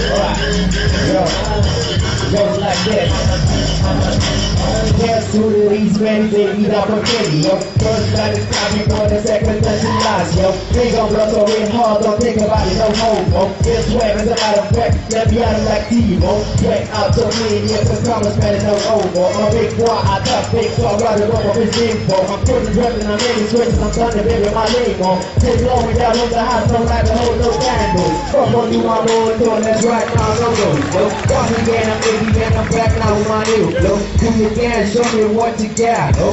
Just like this. who the least ready? They beat a First time is probably for the second bodies, yo. They gon' blood so red hard, don't think about it, no homo. It's wet, it's out of breath, let me out of like Devo. Wet out to me, yeah, cause Congress man is no over. My big boy, I got big, so I ride it up on his info. I'm putting rep and I'm in making switches, I'm thunder, baby, my name on. Take long without on the house, don't like to hold no candles. Fuck on you, I'm on doing that's right, now, no, no, Yo, Fuck again, I'm 80, man, I'm back now with my new, no. Do you again, show me what you got, no.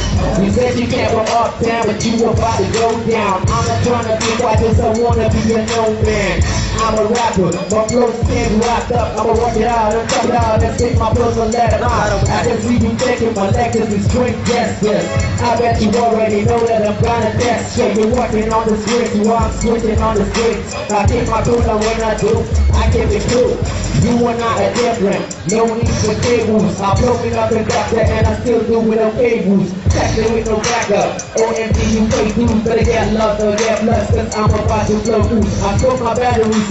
You said you can't from up down, but you about to go down. I'm not trying to be white, just I wanna be a known man. I'm a rapper, my flow skin locked up. I'ma work it out and come down and take my pills and let it out. I can see you thinking my neck is drink, yes, yes. I bet you already know that I'm gonna test shit. You're working on the switch, you are switching on the switch. I keep my cooler when I do, I keep it cool. You and I are different, no need for tables. I broke it up and doctor and I still do with no fables. Testing with no backup, OMG you fake dudes. Better get love, or get blessed, cause I'm about to blow through. I took my batteries.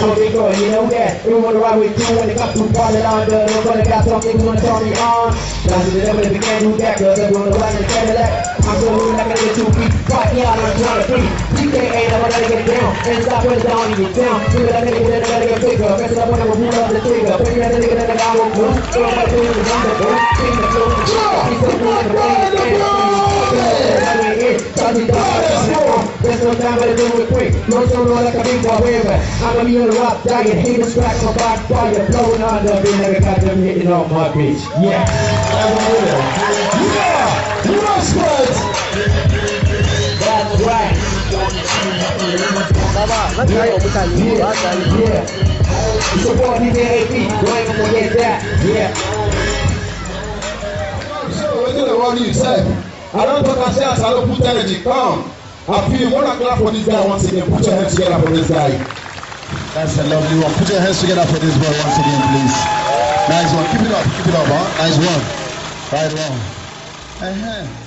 so they go, you know that. We wanna ride with you when it comes to falling under. to got something gonna turn me on. Now you never if we can't do that, cause I'm gonna ride in Cadillac. I'm gonna move like a little beat. Fuck yeah, I'm trying to free. let it get down. And stop it down, you get down. You let it get down, let to get bigger. it up when I'm gonna pull up the trigger. nigga I Throw my food in the number, Bring the flow. He's the one that's the one that's the one that's the the one that's the one that's the one that's it one that's the one there's no time to quick. No like a big boy I'm a meal rock dying. my back fire. Blowing on the beat got them hitting my Yeah. Yeah. You know squads. That's right. let's yeah. yeah. yeah. DJ AP. forget that. Yeah. So we're gonna run you, I don't put myself, I don't put energy. Come. appeal. What a clap for this guy once again. Put your hands together for this guy. That's a lovely one. Put your hands together for this boy once again, please. Nice one. Keep it up. Keep it up, huh? Nice one. Right on. Uh-huh.